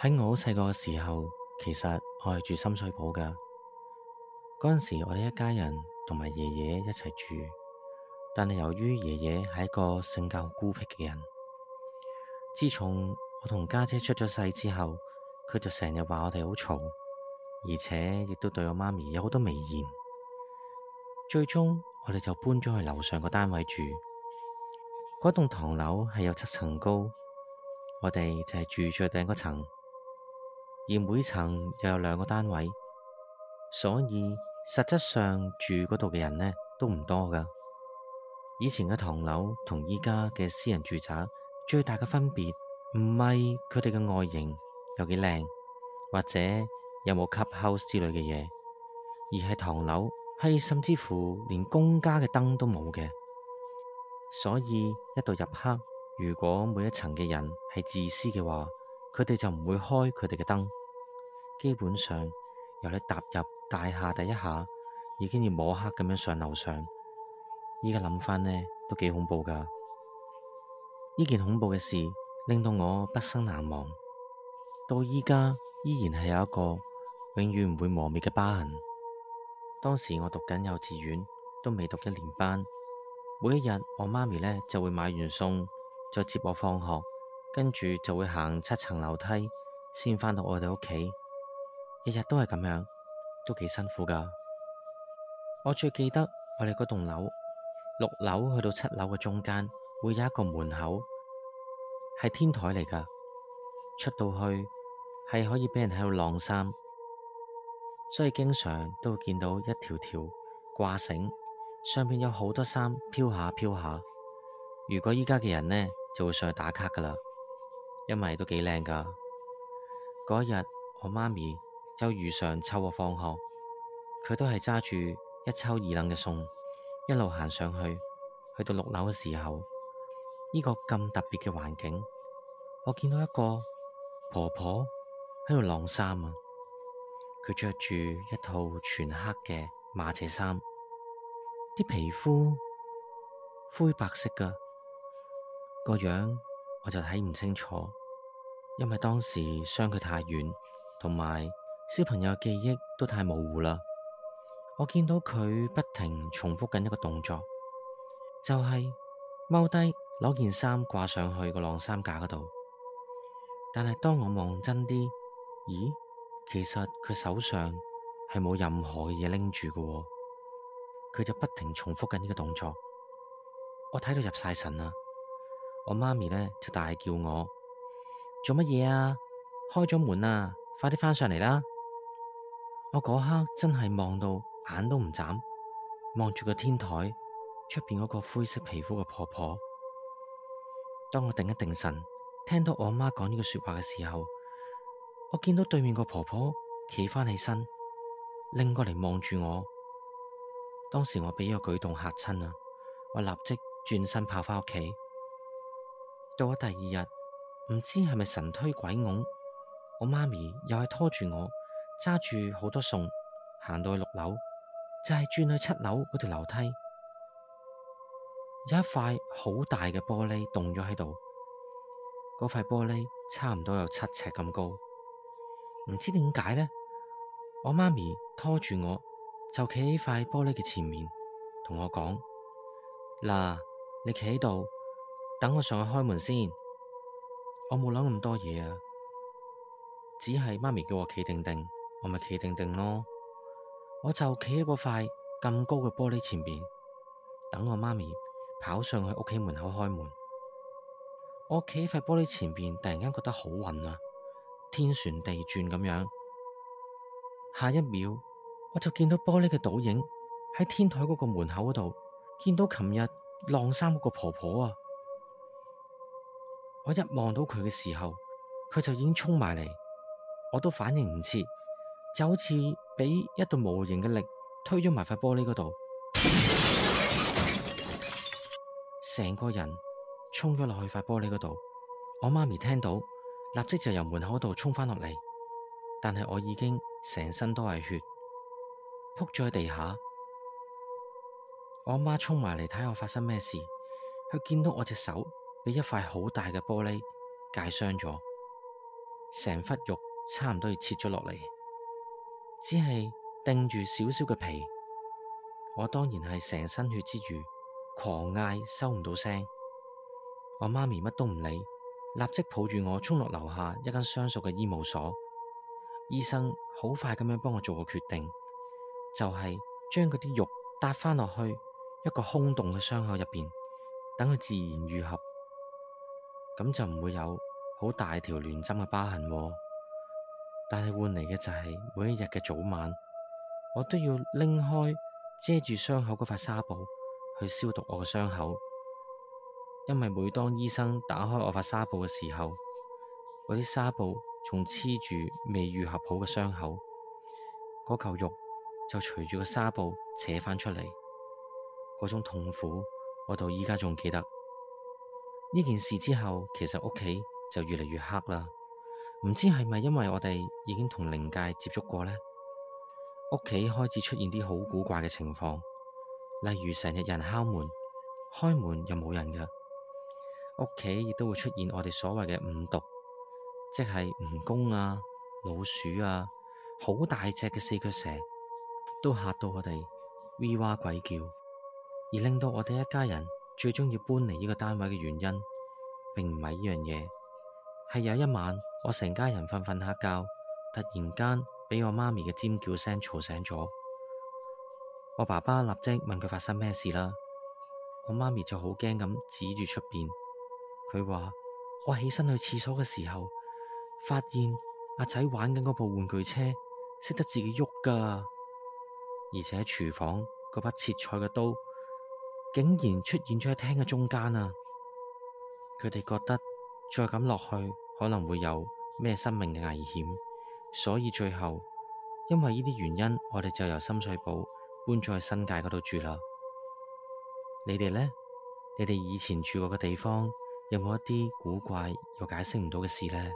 喺我好細個嘅時候，其實我係住深水埗噶。嗰陣時，我哋一家人同埋爺爺一齊住，但係由於爺爺係一個性格好孤僻嘅人，自從我同家姐出咗世之後，佢就成日話我哋好嘈，而且亦都對我媽咪有好多微言。最終我哋就搬咗去樓上個單位住。嗰棟唐樓係有七層高，我哋就係住最頂嗰層。而每層又有兩個單位，所以實質上住嗰度嘅人呢都唔多噶。以前嘅唐樓同依家嘅私人住宅最大嘅分別，唔係佢哋嘅外形有幾靚，或者有冇吸 house 之類嘅嘢，而係唐樓係甚至乎連公家嘅燈都冇嘅。所以一到入黑，如果每一層嘅人係自私嘅話，佢哋就唔會開佢哋嘅燈。基本上由你踏入大廈第一下，已經要摸黑咁樣上樓上。依家諗翻呢都幾恐怖噶，呢件恐怖嘅事令到我畢生難忘，到依家依然係有一個永遠唔會磨滅嘅疤痕。當時我讀緊幼稚園，都未讀一年班，每一日我媽咪呢就會買完餸，再接我放學，跟住就會行七層樓梯先返到我哋屋企。日日都係咁樣，都幾辛苦噶。我最記得我哋嗰棟樓六樓去到七樓嘅中間會有一個門口係天台嚟噶，出到去係可以俾人喺度晾衫，所以經常都會見到一條條掛繩上邊有好多衫飄下飄下。如果依家嘅人呢就會上去打卡噶啦，因為都幾靚噶。嗰日我媽咪。就如常湊我放學，佢都係揸住一抽二冷嘅餸，一路行上去。去到六樓嘅時候，呢個咁特別嘅環境，我見到一個婆婆喺度晾衫啊。佢着住一套全黑嘅馬姐衫，啲皮膚灰白色嘅個樣，我就睇唔清楚，因為當時相距太遠，同埋。小朋友嘅記憶都太模糊啦。我見到佢不停重複緊一個動作，就係踎低攞件衫掛上去個晾衫架嗰度。但係當我望真啲，咦，其實佢手上係冇任何嘢拎住嘅，佢就不停重複緊呢個動作。我睇到入晒神啦，我媽咪咧就大叫我做乜嘢啊？開咗門啦，快啲翻上嚟啦！我嗰刻真係望到眼都唔眨，望住個天台出邊嗰個灰色皮膚嘅婆婆。當我定一定神，聽到我阿媽講呢個說話嘅時候，我見到對面個婆婆企翻起身，擰過嚟望住我。當時我俾呢個舉動嚇親啊！我立即轉身跑翻屋企。到咗第二日，唔知係咪神推鬼拱，我媽咪又係拖住我。揸住好多餸，行到去六樓，就係轉去七樓嗰條樓梯，有一塊好大嘅玻璃凍咗喺度，嗰塊玻璃差唔多有七尺咁高，唔知點解呢？我媽咪拖住我，就企喺塊玻璃嘅前面，同我講：嗱，你企喺度，等我上去開門先。我冇諗咁多嘢啊，只係媽咪叫我企定定。我咪企定定咯，我就企喺個塊咁高嘅玻璃前邊，等我媽咪跑上去屋企門口開門。我企喺塊玻璃前邊，突然間覺得好暈啊，天旋地轉咁樣。下一秒，我就見到玻璃嘅倒影喺天台嗰個門口嗰度，見到琴日晾衫嗰個婆婆啊。我一望到佢嘅時候，佢就已經衝埋嚟，我都反應唔切。就好似俾一道無形嘅力推咗埋塊玻璃嗰度，成個人衝咗落去塊玻璃嗰度。我媽咪聽到，立即就由門口度衝翻落嚟。但係我已經成身都係血，撲咗喺地下。我阿媽衝埋嚟睇我發生咩事，佢見到我隻手俾一塊好大嘅玻璃界傷咗，成忽肉差唔多要切咗落嚟。只係定住少少嘅皮，我當然係成身血之餘，狂嗌，收唔到聲。我媽咪乜都唔理，立即抱住我衝落樓下一間相熟嘅醫務所。醫生好快咁樣幫我做個決定，就係將嗰啲肉搭翻落去一個空洞嘅傷口入邊，等佢自然愈合，咁就唔會有好大條亂針嘅疤痕喎。但係換嚟嘅就係每一日嘅早晚，我都要拎開遮住傷口嗰塊紗布去消毒我嘅傷口，因為每當醫生打開我塊紗布嘅時候，嗰啲紗布仲黐住未愈合好嘅傷口，嗰嚿肉就隨住個紗布扯翻出嚟，嗰種痛苦我到依家仲記得。呢件事之後，其實屋企就越嚟越黑啦。唔知係咪因為我哋已經同靈界接觸過呢？屋企開始出現啲好古怪嘅情況，例如成日有人敲門，開門又冇人㗎，屋企亦都會出現我哋所謂嘅五毒，即係蜈蚣啊、老鼠啊、好大隻嘅四腳蛇，都嚇到我哋 V 哇鬼叫，而令到我哋一家人最終要搬離呢個單位嘅原因，並唔係呢樣嘢，係有一晚。我成家人瞓瞓下覺，突然間俾我媽咪嘅尖叫聲吵醒咗。我爸爸立即問佢發生咩事啦。我媽咪就好驚咁指住出邊，佢話我起身去廁所嘅時候，發現阿仔玩緊嗰部玩具車識得自己喐噶，而且廚房嗰把切菜嘅刀竟然出現咗喺廳嘅中間啊！佢哋覺得再咁落去。可能會有咩生命嘅危險，所以最後因為呢啲原因，我哋就由深水埗搬咗去新界嗰度住啦。你哋呢？你哋以前住過嘅地方有冇一啲古怪又解釋唔到嘅事呢？